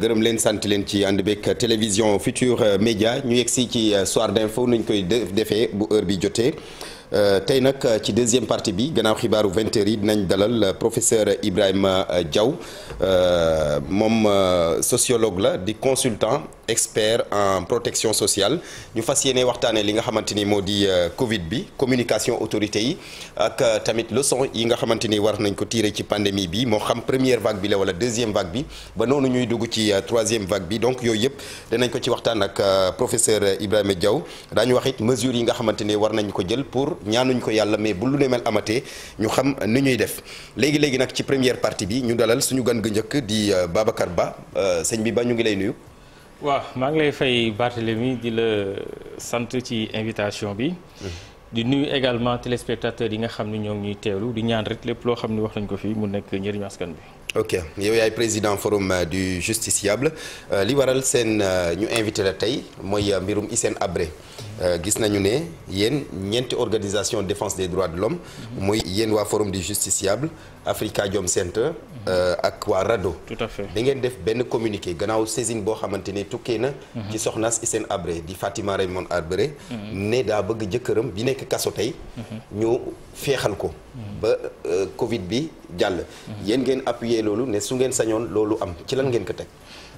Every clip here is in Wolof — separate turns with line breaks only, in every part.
gërëm leen sant leen ci ànd beeg télévision Futur Média ñu yegg si ci soir d'info nuñ koy defee bu heure bi jotee Euh, tey nag euh, ci deuxième partie bi gannaaw xibaaru vingt yi dinañ dalal euh, professeur Ibrahima Diaw moom sociologue la di consultant expert en protection sociale ñu fas yéene waxtaanee li nga xamante ni moo di Covid bi communication autorité yi ak tamit leçon yi nga xamante ni war nañ ko tiire ci pandémie bi moo xam première vague bi la wala deuxième vague bi ba noonu ñuy dugg ci troisième vague bi donc yooyu yëpp danañ ko ci waxtaan ak professeur Ibrahima jaw daañu wax it mesures yi nga xamante ni war nañ ko jël pour. ko ñaanuñ ko yàlla mais bu lu ne mel amatee ñu xam ni ñuy def léegi léegi nag ci première partie bi ñu dalal suñu gan gu njëkk di euh, Babacar Ba euh, sëñ bi ba ñu ngi lay nuyu.
waaw maa ngi lay fay Barthélémy di la sant ci invitation bi. Mm-hmm. di nuyu également téléspectateurs yi nga xam ni ñoo ngi teelu di ñaan rek lépp loo xam ni wax nañ ko fii mu nekk njëriñu askan bi.
ok yow yaay président forum euh, du justiciable li waral seen ñu invité la tey mooy mbirum Hissène Habré. Euh, gis nañu ne yenn ñeenti organisation défense des droits de l'homme mhm. muy yéen waa forum du justiciable Africa Jom Center mhm. euh, ak waa RADDHO tout à da ngeen def benn communiqué gannaaw saisine boo xamante ne tukkee na mhm. ci i seen Habré di Fatima Raymond Habré ne daa bëgg jëkkëram bi nekk kaso tey ñu feexal ko ba euh, Covid bi jàll yéen ngeen appuyer loolu ne su ngeen sañoon loolu am ci lan ngeen ko teg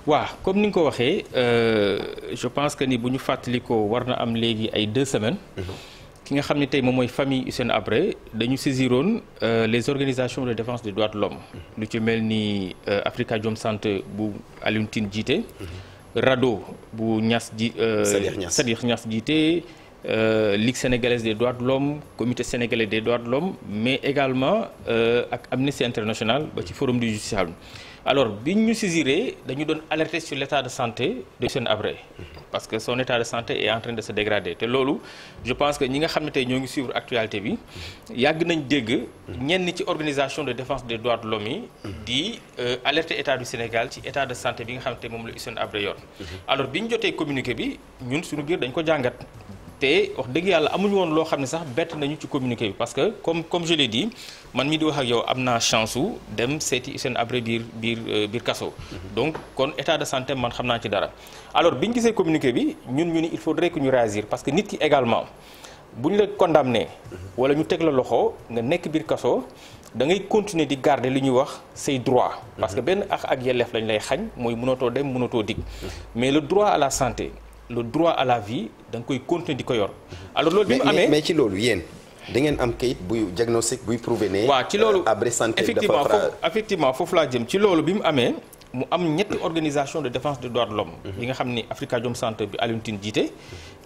waaw comme ni nga ko waxee euh, je pense que ni bu ñu fàttalikoo war na am léegi ay deux semaines. Mhm. ki nga xam ne tey moom mooy famille Hissène Habré dañu saisiroon euh, les organisations de défense des droits de mhm. lu ci mel ni euh, Afrikajom Center bu Alioune jiite. Mhm. RADDHO bu ñas ji. Sadikh Niass jiite. Euh, Ligue sénégalaise des droits de l'homme comité sénégalais des droits de l'homme mais également euh, ak Amnesty International ba ci forum du justiciable alors bi ñu saisiré dañu doon alerter sur l' de santé de Hissène Habré parce que son état de santé est en de se dégrader te loolu je pense que ñi nga xam ne tey ñoo ngi suivre actualité bi yàgg nañ dégg ñenn ci organisation de défense des droits de l'homme yi di euh, alerter état du Sénégal ci état de santé bi nga xam ne moom la Hissène Habré yoon mhm. alors bi ñu jotee communiqué bi ñun suñu biir dañ ko jàngat te wax dëgg yàlla amuñu woon loo xam ne sax bett nañu ci communiqué bi parce que comme comme je l'ai dit man mi di wax ak yow am naa chance su dem seeti seen abré biir biir euh, biir kaso. Mhm. donc kon état de santé man xam naa ci dara. alors bi ñu gisee communiqué bi ñun ñu ni il faudrait que ñu réagir parce que nit ki également bu ñu la condamné. Mhm. wala ñu teg la loxo nga nekk biir kaso. dangay continuer di garde li ñuy wax say droit parce que mhm. benn ax ak yelleef lañ lay xañ mooy mënatoo dem mënatoo dikk. mais le droit à la santé. le droit à la vie da koy continuer di ko yor. alors loolu bi mu amee mais ci
loolu yéen. da ngeen am kayit buy diagnostic buy prouvé waa waaw ci loolu euh, abri santé effectivement
foofu foofu laa jëm ci loolu bi mu amee mu am ñetti organisation de défense des droits de l'homme mhm. yi nga xam ni Africa Jom Center bi Alioune Tine jiite.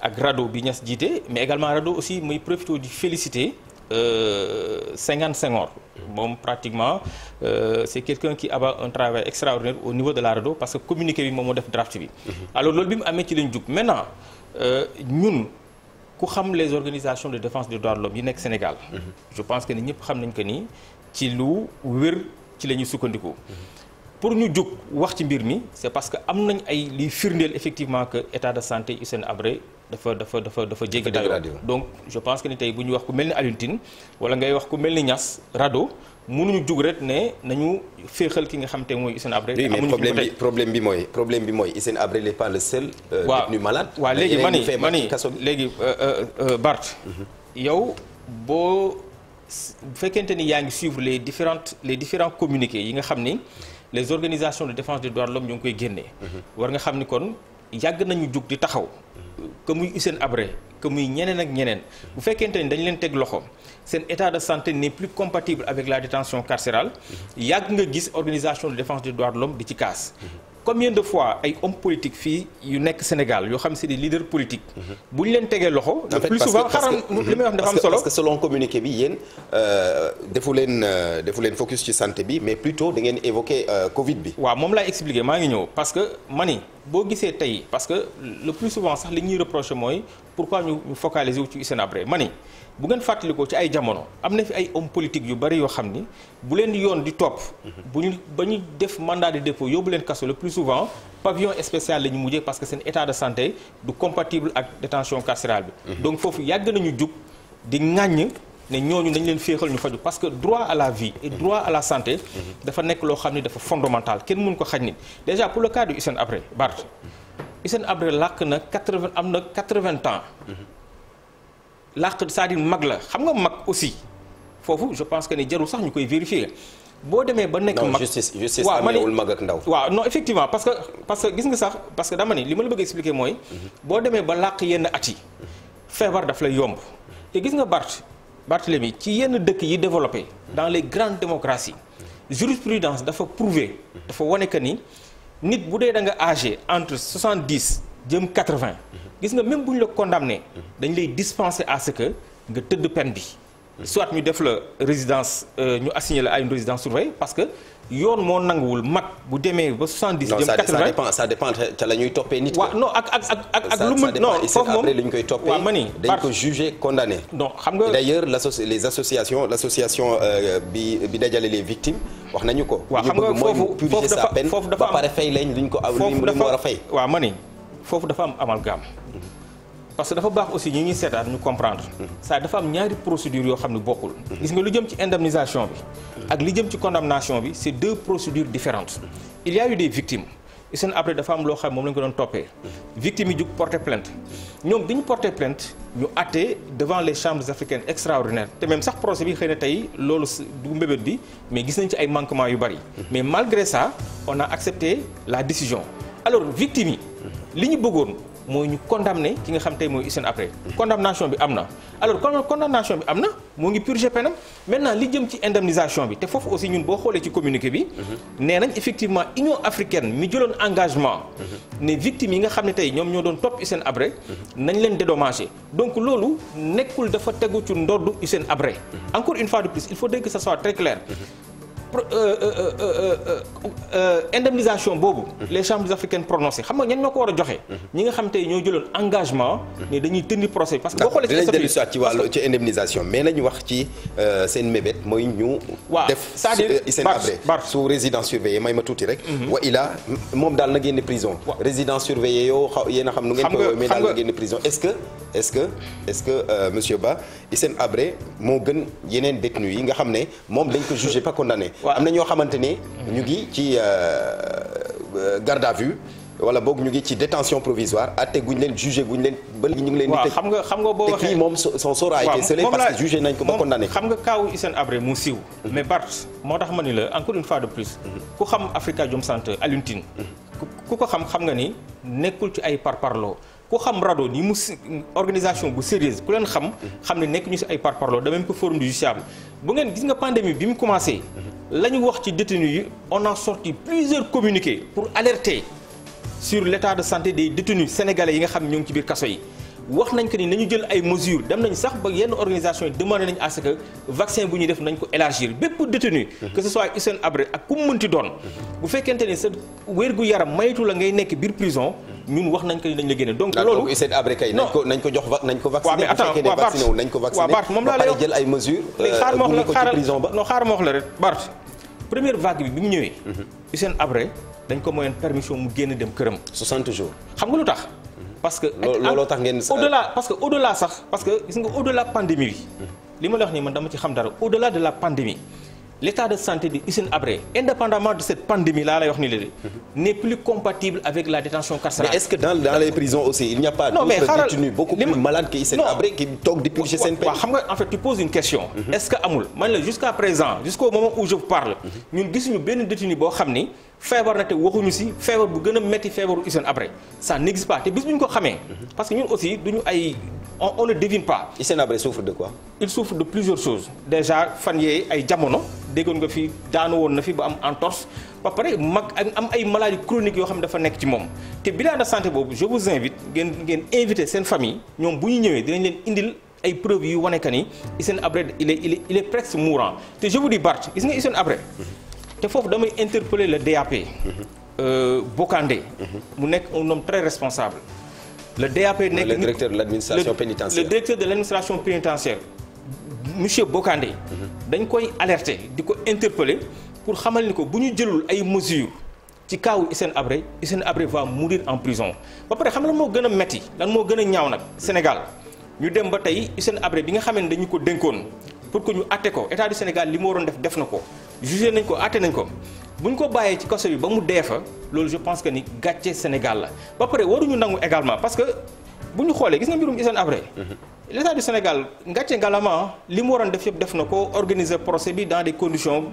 ak RADDHO bi Niass jiite mais également RADDHO aussi muy profité di féliciter euh, Senghane Senghor moom pratiquement euh, c' est quelqu'un qui abat un travail extraordinaire au niveau de la RADDHO parce que communiqué bi moom moo def draft bi. Mhm. alors loolu bi mu amee ci lañ jug maintenant euh, ñun. ku xam les organisations de défense des droits de l'homme yi nekk Sénégal. Mhm. je pense que ni ñëpp xam nañ que nii ci lu wér ci la ñu sukkandiku. Mhm. pour ñu jug wax ci mbir mi c'est parce que am nañ ay liy firndeel effectivement que état de santé Hissène Habré dafa dafa dafa dafa jéggi dayoo donc je pense que ni tey bu ñu wax ku mel ni Alioune Tine ngay wax ku mel ni Niass Rado mënuñu jug rek ne nañu féexal ki nga xam te mooy Hissène Habré. amuñu mais problème bi
problème bi mooy problème bi mooy Hissène Habré n'est pas le seul. Euh, waaw détenu malade. waaw léegi ma ni ma
léegi euh, euh, Bart. Mhm. yow boo bu fekkente ni yaa ngi suivre les différentes les différents communiqués yi nga xam ni. les organisations de défense des droits de l'homme ñu ngi koy génnee. war nga xam ni kon yàgg nañu jug di taxaw. que muy Hissène Habré que muy ñeneen ak ñeneen. bu fekkente ni dañ leen teg loxo seen état de santé ni plus compatible avec la détention carcérale. yàgg nga gis organisation de défense des droits de di ci kaas. comme combien de fois ay hommes politiques fii yu nekk Sénégal yoo xam c'est des leaders politiques. bu ñu leen tegee loxo. en plus souvent xaram li may wax dafa am solo. parce que
selon communiqué bi yéen euh, defu leen euh, defu leen focus ci santé bi mais plutôt dangeen ngeen évoqué euh, Covid bi. waaw moom laa expliqué maa ngi ñëw
parce que mani boo gisee tey parce que le plus souvent sax li ñuy reproché mooy pourquoi ñu ñu focaliser wu ci Hissène Habré ma ni bu ngeen fàttalikoo ci ay jamono am na fi ay homme politique yu bari yoo xam ni bu leen yoon di topp. Mhm. bu ñu ba ñu def mandat de dépôt yóbbu leen kaso le plus souvent pavillon spécial la ñu mujjee parce que seen état de santé du compatible ak détention carcérale bi. Mhm. donc foofu yàgg nañu jug di ŋàññ. ne ñooñu dañ leen féexal ñu faju parce que droit à la vie et droit à la santé dafa nekk loo xam ni dafa fondamental kenn mënu ko xaj nit déjà pour le cas du Hissène Habré Bart Hissène Habré làkk na quatre-vingt am na quatre vingt ans làkk cest à mag la xam nga mag aussi foofu je pense que ni jarul sax ñu koy vérifier boo demee ba nekk mag justice justice mag ak ndaw waaw non effectivement parce que parce que gis nga sax parce que dama ni li ma la bëgg expliquer mooy boo demee ba làkk yenn at yi feebar daf lay yomb te gis nga Bart Barthélemy ci yenn dëkk yi développé dans les grandes démocraties jurisprudence dafa prouver dafa wane que ni nit bu dee da nga âgé entre soixante dix jëm quatre vingt gis nga même bu ñu la condamné dañ lay dispenser à ce que nga tëdd peine bi soit ñu def la résidence euh, ñu assigné la à une résidence surveillée parce que yoon moo nanguwul mag bu demee ba 70. jëm 80
ça dépend ça te la ñuy
toppee nit. waaw non ak ak ak
ak lu mu non après la ñu koy toppee. waaw mani dañ ko jugé condamné. non xam nga d'ailleurs les associations l'association euh, bi bi dajale les victimes wax nañu ko. waaw xam nga foofu foofu dafa foofu dafa am ba pare fay lañ luñ ko. foofu waa
waaw mani foofu dafa am amalgame. parce que dafa baax aussi ñi ngi seetaan ñu comprendre ça dafa am ñaari procédure yoo xam ne bokkul gis nga lu jëm ci indemnisation bi ak li jëm ci condamnation bi c'est deux procédures différentes il y a eu des après dafa am loo xam moom la ñu ko doon toppee victime yi jug porté plainte ñoom bi ñu porté plainte ñu àttee devant les chambres africaines extraordinaires te même sax procès bi xëy na tey loolu du mbébét bi mais gis nañ ci ay manquements yu bari. mais malgré ça a accepté la décision alors victime li ñu bëggoon mooy ñu condamné ki nga xam tey mooy Hissène Habré condamnation bi am na alors condamnation bi am na moo ngi purgé penam maintenant li jëm ci indemnisation bi te foofu aussi ñun boo xoolee ci communiqué bi mhm. nee nañ effectivement Union africaine mi jëloon engagement mhm. ne victimes yi nga xam ne tey ñoom ñoo doon topp Hissène Habré mhm. nañ leen dédommagé donc loolu nekkul dafa tegu ci ndoddu Hissène Habré encore une fois de plus il faut que ça soit très clair Euh, euh, euh, indemnisation boobu. Mhm. les chambres africaines prononcées xam nga ñan ñoo ko war a joxe. Mhm. ñi nga xam tey ñoo jëloon engagement. Mhm. ne dañuy tenir procès parce que boo xoolee. dinañ dellu
ci wàllu ci indemnisation mais nañu wax ci seen mébét mooy ñu. waaw c'est-à-dire bar bar sous résidence surveillée may ma tuuti rek. wa ila moom daal na génn prison. résidence surveillée yoo xaw yéen a xam. nu ngeen ko mais daal na génn prison est-ce que. est-ce que est-ce que euh, monsieur Ba seen Habré moo gën yeneen détenus yi nga xam ne moom dañ ko jugé pas condamné waaw am na ñoo xamante ni. ñu ngi ci euh, euh, garde à vue wala boog ñu ngi ci détention provisoire àtte guñ leen jugé guñ leen ba léegi ñu ngi leen di tëj xam nga xam nga boo waxee te moom son sort a été scellé parce que jugé nañ ko ba
condamné xam nga kaawu Hissène Habré mu siiw mhm. mais Bart moo tax ma ni la encore une fois de plus mhm. ku xam Afrikajom Center Alioune Tine mhm. ku ko xam xam nga ni nekkul ci ay parparloo ku xam rado ni mu organisation bu sérieuse ku leen xam xam ne nekk ñu si ay parparloo de même que forum du justiciable bu ngeen gis nga pandémie bi mu commencé la ñu wax ci détenus yi on a sorti plusieurs communiqués pour alerter sur l' état de santé des détenus sénégalais yi nga xam ñoo ngi ci biir kaso yi wax nañ ko ni nañu jël ay mesures dem nañ sax ba yenn organisation yi demandé nañ à ce que vaccin bu ñuy def nañ ko élargir bépp détenu que ce soit Hissène Habré ak ku mënti doon bu fekkente ni sa wérgu yaram mayitu la ngay nekk biir prison ñun wax nañ ko ni nañ la génne donc loolu Hissène Habré kay nañ ko jox nañ ko vacciné bu fekkee ne vacciné wu nañ ko vacciné Bart moom laa lay jël
ay mesures euh, xaar ma ba
non xaar ma la rek Bart première vague bi bi mu ñëwee mhm. Hissène Habré dañ ko mayoon permission mu génn dem këram 60 jours xam nga lu tax parce que looloo tax ngeen euh, au parce que au delà sax parce que gis nga au delà pandémie bi li ma la wax nii man dama ci xam dara au delà de la pandémie l'état de santé de Hissène Habré indépendamment de cette pandémie laa lay wax ni la de n'est plus compatible avec la détention carcérale mais est-ce
que dans les prisons aussi il n'y a pas d'autres détenus beaucoup plus malades que Hissène Habré
qui toog di purger seen peine waaw xam nga en fait tu poses une question mhm. est-ce que amul man mhm. boo xam ni feebar na te waxuñu si feebar bu gën a métti feebaru Hissène Habré ça n'existe pas te bis bu ñu ko xamee. parce que ñun aussi duñu ay on on ne devine pas. Hissène Habré souffre de quoi. il souffre de plusieurs choses déjà fan yee ay jamono déggoon nga fi daanu woon na fi ba am entorse ba pare mag am ay maladies chroniques yoo xam ne dafa nekk ci moom te bilan de santé boobu je vous invite ngeen ngeen invité seen famille ñoom bu ñu ñëwee dinañ leen indil. ay preuves yu wane que ni Hissène Habré il est il est il est presque mourant te je vous dis Bart gis te foofu damay interpeller le DAP. Mhm. Euh, Bokandé. Mhm. mu nekk un homme très responsable. le DAP nekk le directeur de l' administration pénitentiaire le directeur de l' administration pénitentiaire monsieur Bokandé. Mhm. dañ koy alerter di ko interpeller pour xamal ni ko bu ñu jëlul ay mesures. ci kaawu Hissène Habré Hissène Habré va mourir en prison ba pare xam lan moo gën a metti lan moo gën a ñaaw nag Sénégal ñu dem ba tey Hissène Habré bi nga xam ne dañu ko dénkoon pour que ñu atte ko état du Sénégal li mu waroon def def na ko jugé nañ ko atte nañ ko bu ñu ko bàyyee ci kaso bi ba mu dee fa loolu je pense que ni gàcce Sénégal la ba pare waruñu nangu également parce que bu ñu xoolee gis nga mbirum Hissène Habré mhm. l' état du Sénégal gàcce ngalama li mu waroon def yëpp def na ko organiser procès bi dans des conditions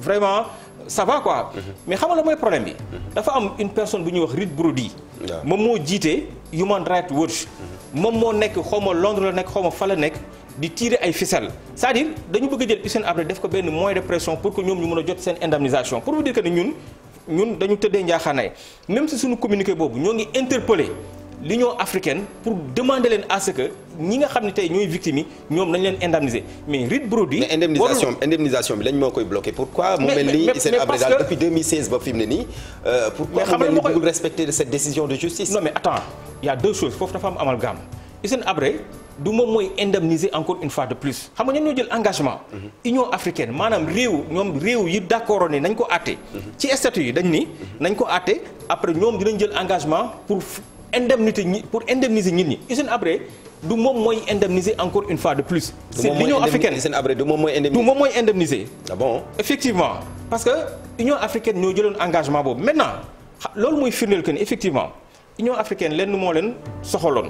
vraiment ça va quoi. Mhm. mais xam nga la mooy problème bi. Mhm. dafa am une personne bu ñuy wax Reed Brody. moom moo jiite Human Rights Watch. moom moo nekk xaw ma Londres la nekk xaw ma fa la nekk. di tirer ay ficelles cest à dañu bëgg a jël Hissène Habré def ko benn moyen de pression pour que ñoom ñu mën a jot seen indemnisation pour vous dire que ne ñun ñun dañu tëddee njaaxaanaay même si suñu communiqué boobu ñoo ngi interpellé l'Union africaine pour demander leen à ce ñi nga xam ne tey ñooy victimes yi ñoom nañ leen indemniser mais Reed Brody. mais indemnisation
indemnisation bi lañ moo koy bloqué. pourquoi mu mel ni mu ne nii. Euh, pourquoi mu
a du moom mooy indemniser encore une fois de plus xam nga ñoom ñoo jël engagement. Mhm. Union africaine maanaam réew ñoom réew yi d'accord ni nañ ko àtte. Mhm. ci statut yi dañ ni. Mhm. nañ ko àtte après ñoom dinañ jël engagement pour indemnité ñi pour indemniser nit ñi usine après du moom mooy indemniser encore une fois de plus. c'est l'Union africaine usine du moom mooy indemniser du moom mooy bon effectivement parce que Union africaine ñoo jëloon engagement boobu maintenant loolu muy firndeel que ni effectivement Union africaine lenn moo leen soxaloon.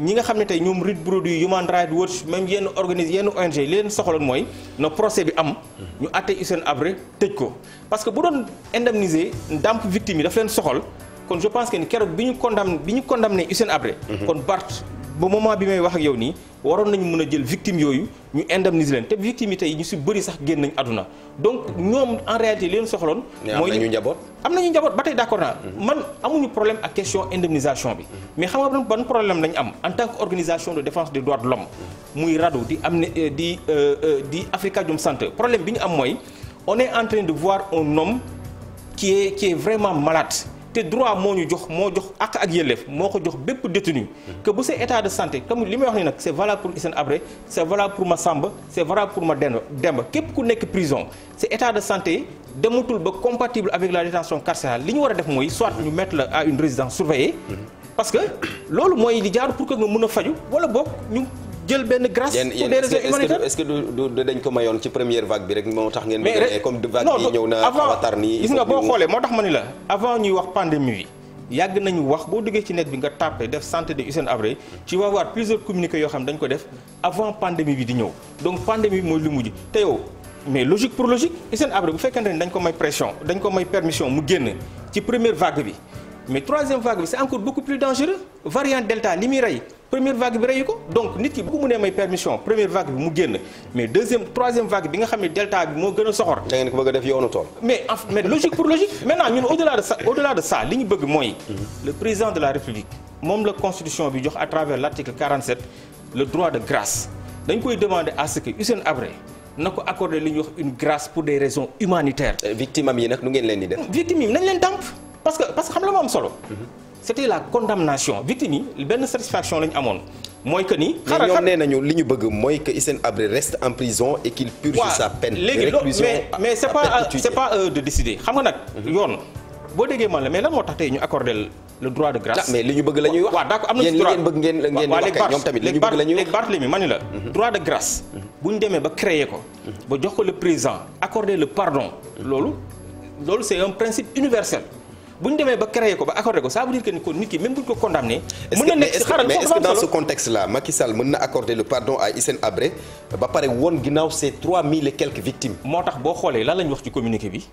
ñi nga xam ne tey ñoom Read Produit Human Rights Watch même yenn organisé yenn ONG leen soxaloon mooy no procès bi am. ñu àtte Hissène Habré tëj ko. parce que bu doon indemniser ndàmp victime yi daf leen soxal kon je pense que ni keroog bi ñu condamné bi ñu condamné Hissène Habré. Mhm. kon Barth ba moment bi may wax ak yow nii waroon nañu mën a jël victime yooyu ñu indemniser leen te victime yi tey ñu si bëri sax génn nañ àdduna donc ñoom en réalité li leen soxloon. mooy am nañu njaboot. am nañu njaboot ba tey d'accord naa. Mhm. man amuñu problème ak question indemnisation bi. Mhm. mais xam nga ban problème lañu am en tant que organisation de défense des droits de l'homme mhm. muy RADDHO di am euh, di euh, euh, di Afrikajom Center problème bi ñu am mooy on est en train de voir un homme qui est qui vraiment malade. te droit moo ñu jox moo jox ak ak yelleef moo ko jox bépp détenu mm-hmm. que bu sa état de santé comme li may wax ni nag c'est valable pour Hissène Habré c'est valable pour Massamba c'est valable pour ma Demba képp ku nekk prison sa état de santé dematul ba compatible avec la détention carcérale li ñu war a def mooy soit ñu mettre la à une résidence surveillée mm-hmm. parce que loolu mooy li jaar pour que nga mën a faju wala boog ñu jël benn grâce pour
des dañ ko mayoon ci première vague bi rek moo tax ngeen mais comme vague yi ñëw na xaw a tar nii gis nga boo xoolee moo tax ma ni la
avant ñuy wax pandémie bi yàgg nañu wax boo duggee ci net bi nga tàppe def santé de Hissène Habré ci vas plusieurs communiqués yoo xam dañ ko def avant pandémie bi di ñëw donc pandémie bi mooy lu mujj te yow mais logique pour logique Hissène Habré bu fekkente ne dañ ko may pression dañ ko may permission mu génn ci bi mais troisième vague bi c'est encore beaucoup plus dangereux variant delta li muy rey première vague bi reyu ko donc nit ki bu ko mënee may permission première vague bi mu génn mais deuxième troisième vague bi nga xam ne delta bi moo gën a soxor. da ngeen ko bëgg a def yoonu tool. mais en mais logique pour logique maintenant ñun au delà de ça au li ñu bëgg mooy. Mhm. le président de la république moom la constitution bi jox à travers l'article le droit de grâce dañ koy demander à ce que Hissène Habré. na ko accordé li ñuy wax une euh, leen di def. victime yi nañ parce que parce que xam la ma am solo. Mhm. c'était la condamnation victime benn satisfaction lañu amoon. mooy que ni. xaaral ñoom
nee nañu li ñu bëgg mooy que Hissène Habré
reste en prison et qu'il purge ouais, sa peine. léegi loo mais c'est pas c'est de décider xam nga nag. Mhm. yoon boo déggee man la mais lan moo tax tey ñu accordé le droit de grâce. Ah, li ñu bëgg la ñuy wax. waaw am na ci droit ñu bëgg la ñuy wax léegi Barthélémy ma ni mhm. de grâce. bu ñu demee ba créer ko. ba jox ko le président accorder le pardon. loolu loolu c'est un principe bu ñu demee ba créé ko ba accordé ko ça veut dire que ni kon nit ki même bu ñu ko condamné. mën na nekk xaaral mais est ce que dans ce
contexte là Macky Sall na accorder
le pardon à Hissène Habré ba pare woon ginnaaw ces 3000 et quelques victimes. moo tax boo xoolee lan la ñu wax ci communiqué bi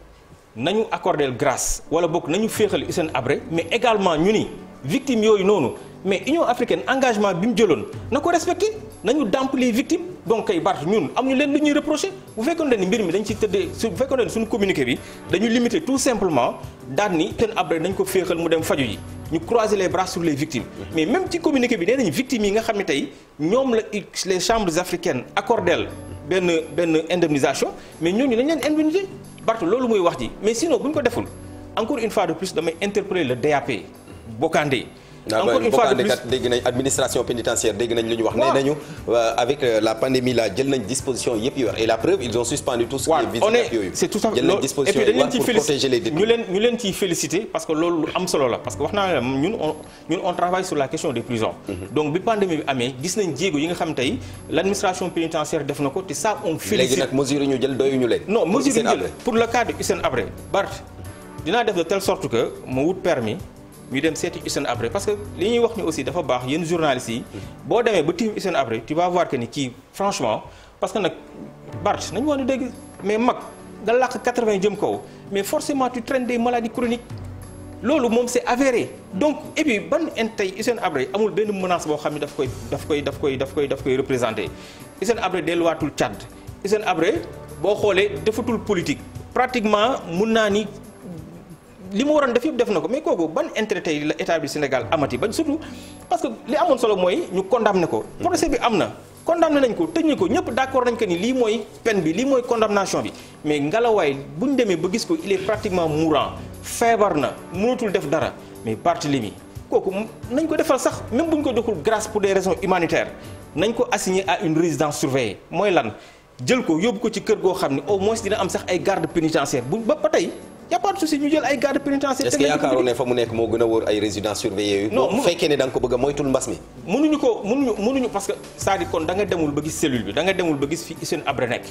nañu accorder grace wala bokk nañu féexal Hissène Habré mais également ñu ni victimes yooyu noonu mais Union africaine engagement bi mu jëloon na ko respecté nañu dàmp les victimes donc kay Barth ñun am ñu leen lu ñuy reproché bu fekkoon ne mbir mi dañ ci tëddee su bu fekkoon ne suñu communiqué bi dañu limité tout simplement daan ni Hissène Habré nañ ko féexal mu dem fajo yi ñu croiser les bras sur les victimes mais même ci communiqué bi nee nañ victimes yi nga xam ne tey ñoom la les chambres africaines accordel benn benn indemnisation mais ñooñu dañ leen indemniser Barth loolu mooy wax ji mais sinon bu ñu ko deful encore une fois de plus damay interpeller le ap Bokandé encore une fois de plus
dégg nañ administration pénitentiaire dégg
nañ lu ñu wax. nee nañu
euh, avec euh, disposition yëpp yu war et la preuve ils ont suspendu tout ce qui est yooyu.
ñu leen ñu leen ciy parce que loolu lu am solo la parce que wax naa la ñun ñun on travaille sur la question des prisons. Mhm. donc bi pandémie bi amee gis nañ jéego yi nga xam tey l'administration pénitentiaire def na ko te ça on félicite. léegi nag mesure yi ñu leen. non mesure ñu jël pour le cas de Hissène Habré Bart dinaa def de telle sorte que ñu dem seeti Hissène Habré parce que li ñuy wax ni aussi dafa baax yenn journalistes yi boo demee ba tiim Hissène Habré tu vas voir que ni kii franchement parce que nag Bart nañu wax ne dégg mais mag nga làq 80 jëm kaw mais forcément tu traînes des maladies chroniques loolu moom c'est avéré donc et ban int tey Hissène Habré amul benn menace boo xam ne daf koy daf koy daf koy daf koy daf koy représenté Hissène Habré delluwaatul Tchad Hissène Habré boo xoolee defatul politique pratiquement mun naa ni li mu waroon def yëpp def na ko mais kooku ban intérêt tey la état bi Sénégal amati bañ surtout parce que li amoon solo mooy ñu condamné ko. procès bi am na. condamné nañ ko tëj nañ ko ñëpp d'accord nañ ko ni lii mooy peine bi lii mooy condamnation bi mais ngalawaay bu ñu demee ba gis ko il est pratiquement mourant feebar na mënatul def dara mais Barthélemy kooku nañ ko defal sax même bu ñu ko joxul grâce pour des raisons humanitaires nañ ko assigné à une résidence surveillée mooy lan jël ko yóbbu ko ci kër goo xam ne au moins dina am sax ay garde pénitentiaire bu ba ba tey. y' a pas de souci ñu jël ay garde pénitentiaire. est-ce que yaakaaroon ne
fa mu nekk moo gën a wóor
ay résidence surveillée. non bu fekkee ne da ko bëgg a moytul mbas mi. mënuñu ko mënuñu mënuñu parce que cest à kon da demul ba gis cellule bi da demul ba gis fi Hissène Habré nekk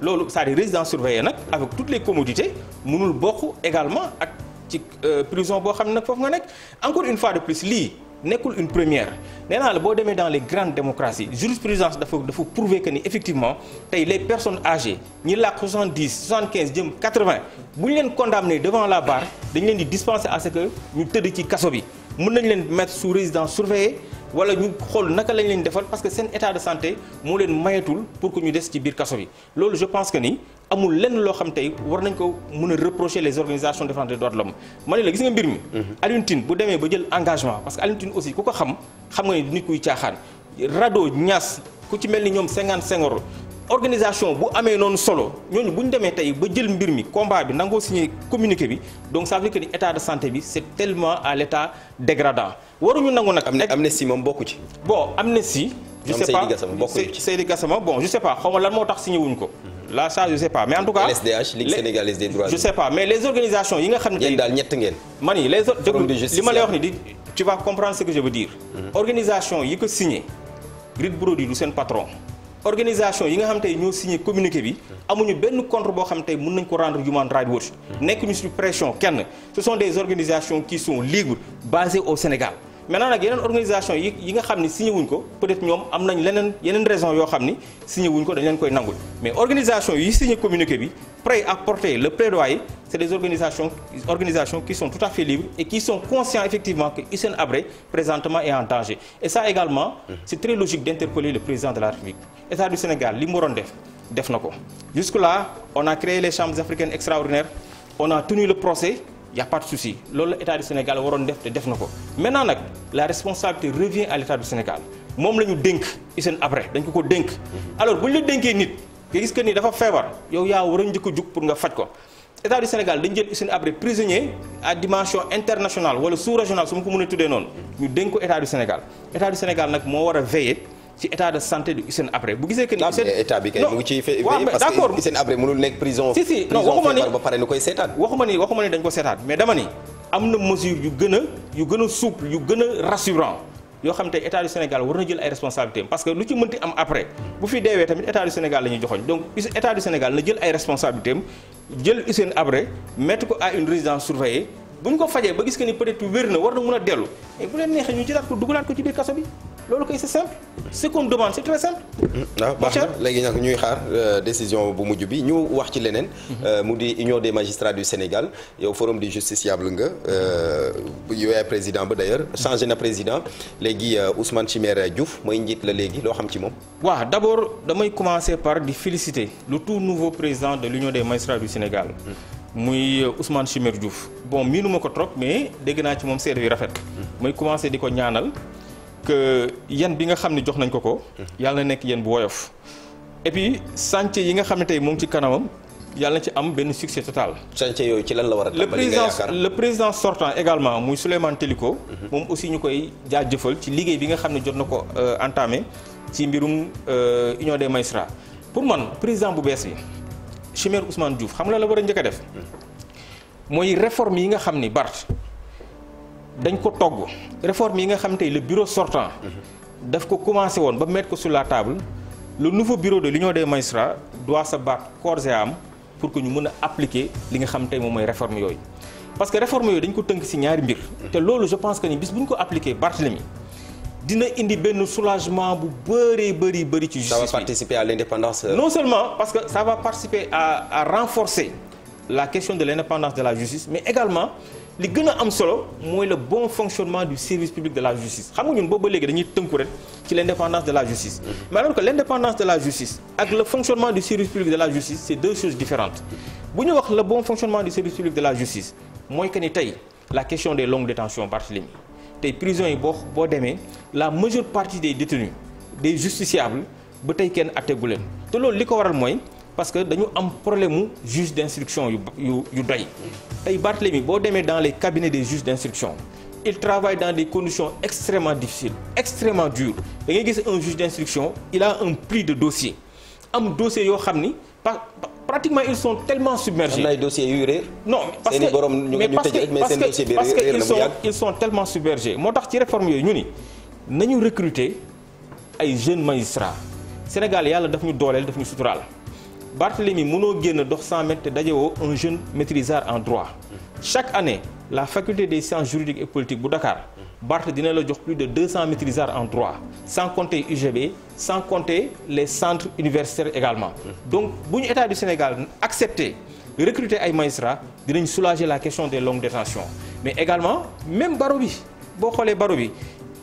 loolu cest résidence surveillée nag avec toutes les commodités mënul bokk également ak ci euh, prison boo xam ne nag foofu nga nekk encore une fois de plus lii nekkul une première nee naa la boo demee dans les grandes démocraties jurisprudence dafa dafa prouver que ni effectivement tey les personnes âgées ñi làq 70 75 jëm 80 bu ñu leen condamné devant la barre dañu leen di dispenser à ce que ñu tëdd ci kaso bi mun nañ leen mettre sous résidence surveillée wala ñu xool naka lañ leen defal parce que seen état de santé moo leen mayatul pour ku ñu des ci biir kaso bi loolu je pense que ni amul lenn loo xam tey war nañ ko mën a reprocher les organisations défense des droits de l'homme ma ne la gis nga mbir mi mhm. Alioune Tine bu demee ba jël engagement parce que Alioune aussi ku ko xam xam nga ni nit kuy caaxaan rado ñaas ku ci mel ni ñoom 55 ans organisation bu amee noonu solo ñooñu bu ñu demee tey ba jël mbir mi combat bi nangoo signé communiqué bi donc ça veut dire que ni état de santé bi c'est tellement à l'état dégradant waruñu nangu nag. am na amnistie moom bokku ci. bon amnistie. je sais pas Seydi Gassama bon je sais moo tax signé wuñ ko. Mhm. la charge je sais pas mais en tout cas. LSDH Ligue sénégalaise des droits. je les organisations yi nga xam ne. tey ngeen. man yi les li ma lay wax ni di tu comprendre ce que je veux dire. Mhm. organisation yi ko signé. grid produit du seen patron. organisation yi nga xam tey ñoo signé communiqué bi amuñu benn contre boo xam tey mën nañ ko rendre human rights watch hmm. nekk ñu sur pression kenn ce sont des organisations qui sont libres basées au Sénégal maintenant nag yeneen organisation yi yi nga xam ni signé wuñ ko peut-être ñoom am nañ leneen yeneen raison yoo xam ni signé wuñ ko dañ leen koy nangul mais organisation yi signé communiqué bi prêt à porter le plaidoyer c'est des organisations organisations qui sont tout à fait libres et qui sont conscients effectivement que Hissène Habré présentement est en danger et ça également mm-hmm. c'est très logique d'interpeller le président de la République État du Sénégal li def na ko jusque là on y' a pas de loolu la état du Sénégal waroon def te def na ko maintenant nag la responsabilité revient à l' état du Sénégal moom la ñu dénk Hissène Habré dañ ko ko dénk. alors bu ñu la dénkee nit nga gis que ni dafa feebar yow yaa war a njëkk jug pour nga faj ko. état du Sénégal dañ jël Hissène Habré prisonnier à dimension internationale wala sous régionale su ma ko mën a tuddee noonu ñu dénk ko état du Sénégal état du Sénégal nag moo war a veiller. ci état de santé du Hissène Habré bu gisee que ni. Ah, état bi kay mu ngi ciy fee. parce que nekk prison. si si non waxuma ni waxuma ni dañ ko seetaan mais dama ni am na mesure yu gën a yu gën a souple yu gën rassurant yoo xam te état du Sénégal war na jël ay responsabilités parce que lu ci mënti am après bu fi deewee tamit état du Sénégal la ñuy joxoñ donc état du Sénégal na jël ay responsabilités jël Hissène Habré mettre ko à une résidence surveillée bu ñu ko fajee ba gis que ni peut na war na mën a dellu mais bu leen neexee ko ci biir kaso bi loolu kay si simple ce qu'on demande c'est très simple.
waaw mm-hmm. ah, baax na léegi nag ñuy xaar euh, décision bu mujj bi ñu wax ci leneen. Mm-hmm. Euh, mu di union des magistrats du Sénégal yow forum du justiciable nga euh, yow yaay président ba d'ailleurs changé na président léegi Ousmane Chimère Diouf mooy njiit la léegi loo xam ci moom.
waaw d'abord damay commencer par di féliciter lu tout nouveau président de l'union des magistrats du Sénégal. Mm-hmm. muy usman Chimère Diouf bon miinu ko trop dégg naa ci moom seede yu rafet. muy commencer di ko ñaanal. que euh, yan bi nga xam ne jox nañ ko ko. Mhm. yàlla na nekk yéen bu woyof. et puis yi nga xam ne tey moom ci kanamam yàlla na ci am benn succès total. chantier yooyu ci lan la war a tàmbali nga yaakaar le président sortant également muy Souleymane Teliko. Mhm. moom aussi ñu koy jaajëfal ci liggéey bi nga xam ne jot na ko euh, entamé ci mbirum euh, union de magistrats pour man président bu bees bi chimère Ousmane Diouf xam la la war a njëkk a def. Mhm. mooy réforme yi nga xam ni Bart. dañ ko togg réforme yi nga xam tey le bureau sortant daf ko commencé woon ba mettre ko sur la table le nouveau bureau de l'union des magistrats doit se battre corps et pour que ñu mën a appliquer li nga xam tey moom mooy réforme yooyu parce que réforme yooyu dañ ko tënk ci ñaari mbir te loolu je pense que ni bis bu ñu ko appliqué Barthélemy dina indi benn soulagement bu bëree bëri bëri ci justice bi ça va participer à l'indépendance euh. non seulement parce que ça va participer à à la question de l'indépendance de la justice mais également li gën a am solo mooy le bon fonctionnement du service public de la justice xam nga ñun boobu ba léegi dañuy tënku rek ci l' indépendance de la justice. mais alors que l' indépendance de la justice ak le fonctionnement du service public de la justice c' deux choses différentes bu ñu wax le bon fonctionnement du service public de la justice mooy que ni tey la question des longues détentions Barthélémy tey prison yi boo la majeure partie des détenus ba tey kenn atteegu leen te loolu li ko waral mooy. parce que dañu am problème mu juge d'instruction yu yu yu doy tey Barthélemy boo demee dans les cabinets des juges d'instruction il travaille dans des conditions extrêmement difficiles extrêmement dures da ngay gis un juge d'instruction il a un prix de dossier am dossier yoo xam ni pa pratiquement ils sont tellement submergés. am na ay dossiers non parce que mais parce que parce que parce que ils sont ils tellement submergés moo tax ci réforme yooyu ñu ni nañu recruter ay jeunes magistrats Sénégal yàlla daf ñu dooleel daf ñu suturaal. Barthélemy mënoo génn dox 100 mètres te dajewoo un jeune maîtrisard en droit chaque année la faculté des sciences juridiques et politiques bu Dakar Barth dina la jox plus de 200 maîtrisards en droit sans compter UGB sans compter les centres universitaires également donc bu ñu état du Sénégal accepté recruter ay magistrats dinañ soulager la question des longues détentions mais également même baro bi boo xoolee baro bi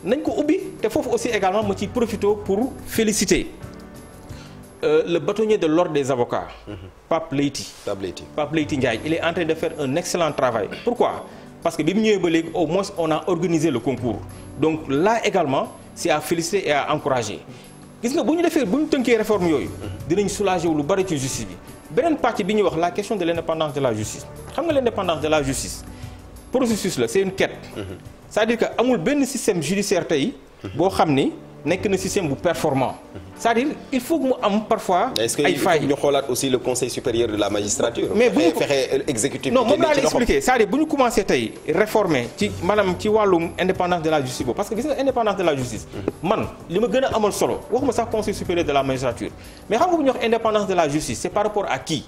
nañ ko ubbi te foofu aussi également ma ciy profité pour féliciter Euh, le bâtonnier de l'ordre des avocats mmh. Pape pap Pape Leyti Ndiaye il est en train de faire un excellent travail pourquoi parce que bi mu ñëwee ba léegi au moins on a organisé le concours donc là également c'est à féliciter et à encourager gis nga bu ñu defee bu ñu tënkee réforme yooyu mhm. dinañ soulager wu lu bari ci justice bi beneen pàcc bi ñuy wax la question de l'indépendance de la justice xam nga l'indépendance de la justice processus la c'est une quête mmh. c'est-à-dire que amul benn système judiciaire tey mhm. boo xam ni nekk na système bu performant mhm. c'est-à-dire il faut mu am parfois. ay failles
ñu xoolaat aussi le conseil supérieur de la magistrature. mais bu ñu fexe euh, exécutif non moom laa lay expliqué
c'est-à-dire bu ñu commencé tey réformer ci parce que gis nga indépendance de mhm. man li ma gën a amal solo waxuma sax conseil supérieur de la magistrature mais xam nga bu ñu wax indépendance de la justice c'est par rapport à qui.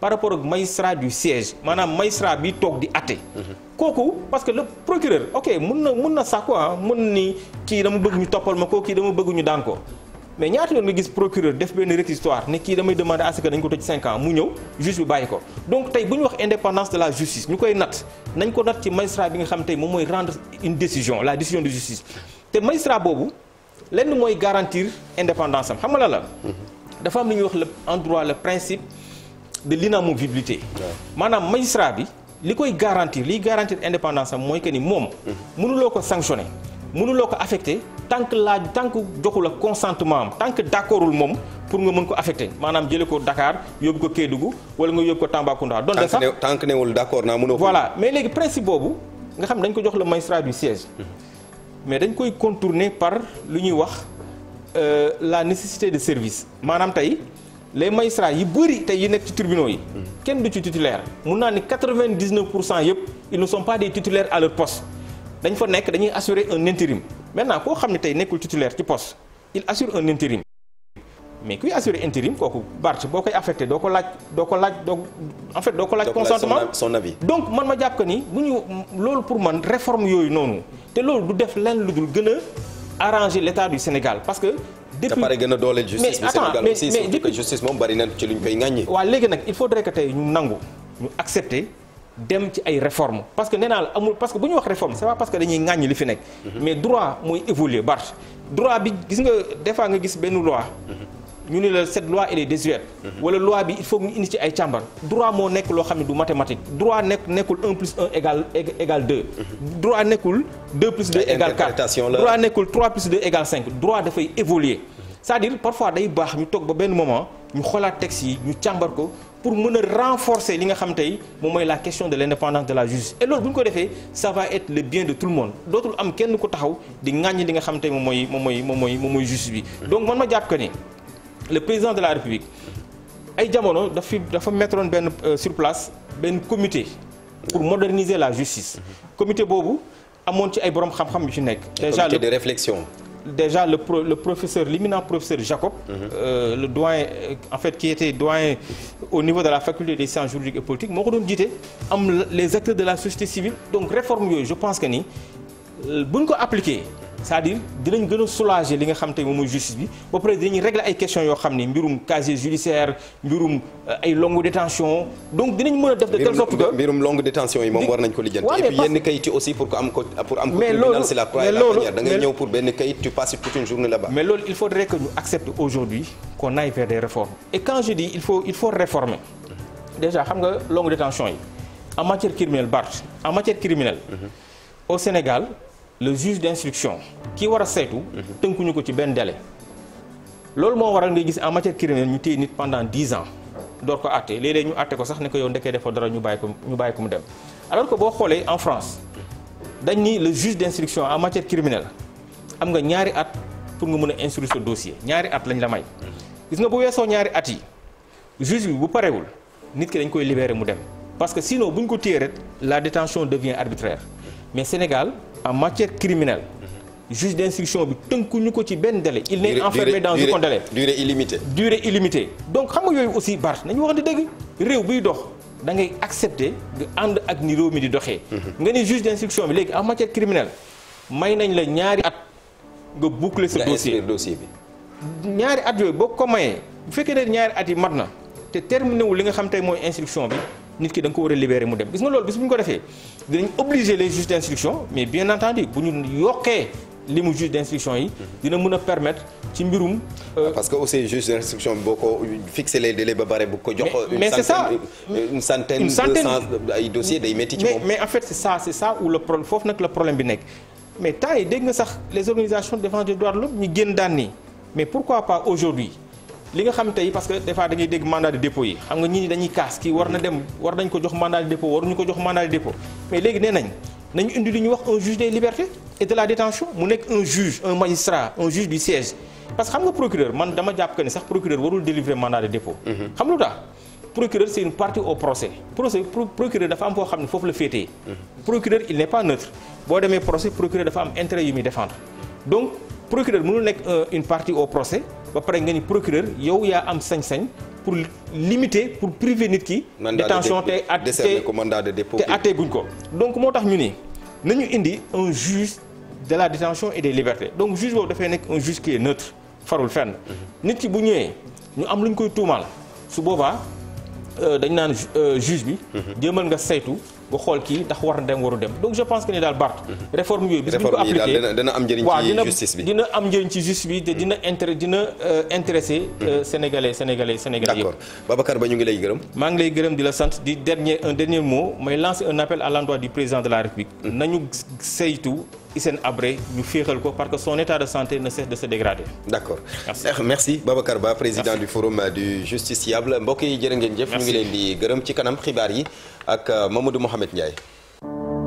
par rapport ak magistrat du siège maanaam magistrat bi toog di àtte. Mhm. kooku parce que le procureur ok mun na mun na sax quoi mun ni kii dama bëgg ñu toppal ma ko kii dama bëgg ñu daan mais ñaata yoon nga gis procureur def benn réquisitoire ne kii damay demander à ce que nañ ko tëj 5 ans mu ñëw juge bi bàyyi ko donc tey bu ñu wax indépendance de la justice ñu koy nat nañ ko nat ci magistrat bi nga xam tey moom mooy rendre la décision de te magistrat boobu lenn mooy garantir indépendance am xam nga lan la dafa am lu ñuy wax le en droit le principe de l'inamovibilité maanaam magistrat bi li koy garantir liy garantir indépendance am mooy que ni moom mm-hmm. mënuloo ko sanctionner mënuloo ko affecter tant que laaj tant que joxu la consentement am tant que moom pour nga mën ko affecté maanaam jële ko dakaar yóbbu ko Kédougou wala nga yóbbu ko Tambacounda. donc sax tant que newul d'accord naa mënoo voilà mais léegi principe boobu nga xam dañ ko jox le magistrat du siège. Mhm. mais dañ koy contourner par lu ñuy wax euh, la nécessité de service maanaam tey. les magistrats yi bëri te yi nekk ci tribunaux yi. Mhm. kenn du ci titulaire mun naa ni quatre-vingt-dix-neuf pour cent yëpp ils ne sont pas des titulaires à leur poste dañ fa nekk dañuy assurer un intérim maintenant koo xam ne tey nekkul titulaire ci poste il assure un intérim mais kuy assurer intérim kooku Barth boo koy affecté doo ko laaj doo ko laaj doo en fait doo ko laaj consentement son avis donc man ma jàpp ni bu ñu loolu pour man réforme yooyu noonu te loolu du def lenn lu dul gën a arranger l'état du Sénégal parce que depuis pare gën a dooleel justice bi Sénégal aussi mais mais justice moom bari na ci lu ñu koy ŋàññi waaw léegi nag il faudrait que tey ñu nangu ñu accepter dem ci ay réformes parce que nee naa la amul parce que bu ñu wax réforme c'est pas parce que dañuy ŋàññi li fi nekk. Mhm. mais droit mooy évoluer Bart droit bi gis nga defaa nga gis benn loi. Mhm. ñu ne la cette loi elle est désuète. Mhm. wala loi bi il faut ñu indi ci ay càmbar. droit moo nekk loo xam ne du mathématique. droit nekk nekkul 1 plus 1 égale égale 2. droit nekkul 2 plus 2 égale 4 droit nekkul 3 plus 2 égale 5 droit dafay évoluer c'est-à-dire parfois day baax ñu toog ba benn moment ñu xoolaat texte yi ñu càmbar ko. pour mën a renforcer li nga xam tey moom mooy la question de l' indépendance de la justice et loolu bu ñu ko defee ça va être le bien de tout le monde dootul am kenn ku taxaw di ŋàññ li nga xam tey moom mooy moom mooy moom mooy moom mooy justice bi donc man ma jàpp que ni le président de la république ay jamono dafa dafa mettroon benn euh, sur place benn comité pour moderniser la justice comité boobu amoon ci ay borom xam-xam yu ci nekk déjà comité de réflexion déjà le pro, le professeur l'éminent professeur Jacob. Mm le doyen euh, en fait qui était doyen au niveau de la faculté des sciences juridiques et politiques moo ko doon jiite am les acteurs de la société civile donc réforme yooyu je pense que ni euh, bu ñu ko appliquer. c'est-à-dire dinañ gën a li nga xam te moom mooy justice bi ba pare dinañ régler ay questions yoo xam ni mbirum casier judiciaire mbirum euh, ay longue détention donc dinañ mën a def de telle sorte que mbirum da ngay ñëw pour
benn kayit tu passes toute une journée là-bas
mais loolu il faudrait que ñu accepte aujourd'hui qu'on aille vers des réformes et quand je dis il xam nga longue détention yi en matière criminelle Bart en matière criminelle mhm. au Sénégal le juge d'instruction ki war a saytu tënkuñu ko ci benn délai loolu moo waral ngay gis en matière criminelle ñu téye nit pendant dix ans door ko àtte léeg-léeg ñu àtte ko sax ne ko yow ndekkee defoo dara ñu bàyyi ko mu dem alors que boo xoolee en France dañ ni le juge d'instruction en matière criminelle am nga ñaari at pour nga mën a instruire sa dossier ñaari at lañ la may gis nga bu weesoo ñaari at yi juge bi bu parewul nit ki dañ koy libérer mu dem parce que sinon bu ko téye rek la détention devient arbitraire mais Sénégal en matière criminelle juge d'instruction bi tënkuñu ko ci benn délai. il n'est enfermé dans aucun délai. donc xam nga yooyu aussi Bart nañu wax dëgg réew buy dox da ngay accepter nga ànd ak ni réew mi di doxee. Mhm. nga ni juge d'instruction bi léegi en matière criminelle may nañ la ñaari at nga boucler sa dossier bi. ñaari at yoobu boo ko mayee bu fekkee ne ñaari at yi mat na te terminé wu li nga xam tey mooy instruction bi. nit ki da nga ko war a libérer mu dem gis nga loolu bis bu ñu ko defee dinañ obliger les juges d'instruction mais bien entendu bu ñu yokkee li mu juge d'instruction yi. dina mun a permettre ci mbirum. Euh, ah, parce que
aussi juge d'instruction boo ko fixé les délais ba bare bu ko jox. mais c'est ça une centaine une centaine ay dossiers day
métti ci moom. mais en fait c'est ça c'est ça où la problème foofu nag le problème bi nekk mais temps yi dégg nga sax les organisations de défense des droits de l'homme ñu génn daan nii mais pourquoi li nga xam tey parce que des fois da ngay dégg mandat de dépôt yi xam nga ñii ni dañuy kaas kii war na dem war nañ ko jox mandat de dépôt waruñu ko jox mandat de dépôt mais léegi nee nañu indi li ñuy wax un juge des libertés et de la détention mu nekk un juge un magistrat un juge du siège parce que xam nga procureur man dama jàpp que ne sax procureur warul délivrer mandat de dépôt mhm. xam lu tax procureur c'est une partie au procès procès procureur dafa am foo xam ne foofu la féetee mhm. procureur il n'est boo demee procès procureur dafa am intérêt yu muy défendre donc procureur mënul nekk euh, une partie au procès ba pare nga ni procureur yow yaa am sañ-sañ pour limiter pour priver nit ki. détention te te atte guñ ko. donc moo tax ñu ni nañu indi un juge de la détention et des libertés donc juge boobu dafay nekk un juge qui est farul fenn. Mhm. nit ki bu ñëwee ñu am lu ñu koy tuumaal su boobaa euh, dañ naan euh, juge bi. Mhm. jéemal nga saytu. bu xool kii ndax war na dem waru dem donc je pense que ni daal Bart. réforme yooyu bis bu ñu ko appliqué dina am njëriñ ci justice dina am njëriñ ci justice bi te dina mm. inter dina euh, intéressé mm. euh, sénégalais sénégalais sénégalais yëpp. Ba ñu ngi lay gërëm. maa ngi lay gërëm di la sant di dernier un dernier mot may lancer un appel à l'endroit du président de la République. Mm. nañu saytu. Hissène Habré ñu féexal ko parce que son état de santé ne cesse de se dégrader. d'accord merci euh,
Babacar Ba président du forum du justiciable mbokk yi jërë ngeen jëf. ñu ngi leen di gërëm ci kanam xibaar yi ak euh, Mamadou Mouhamed Ndiaye.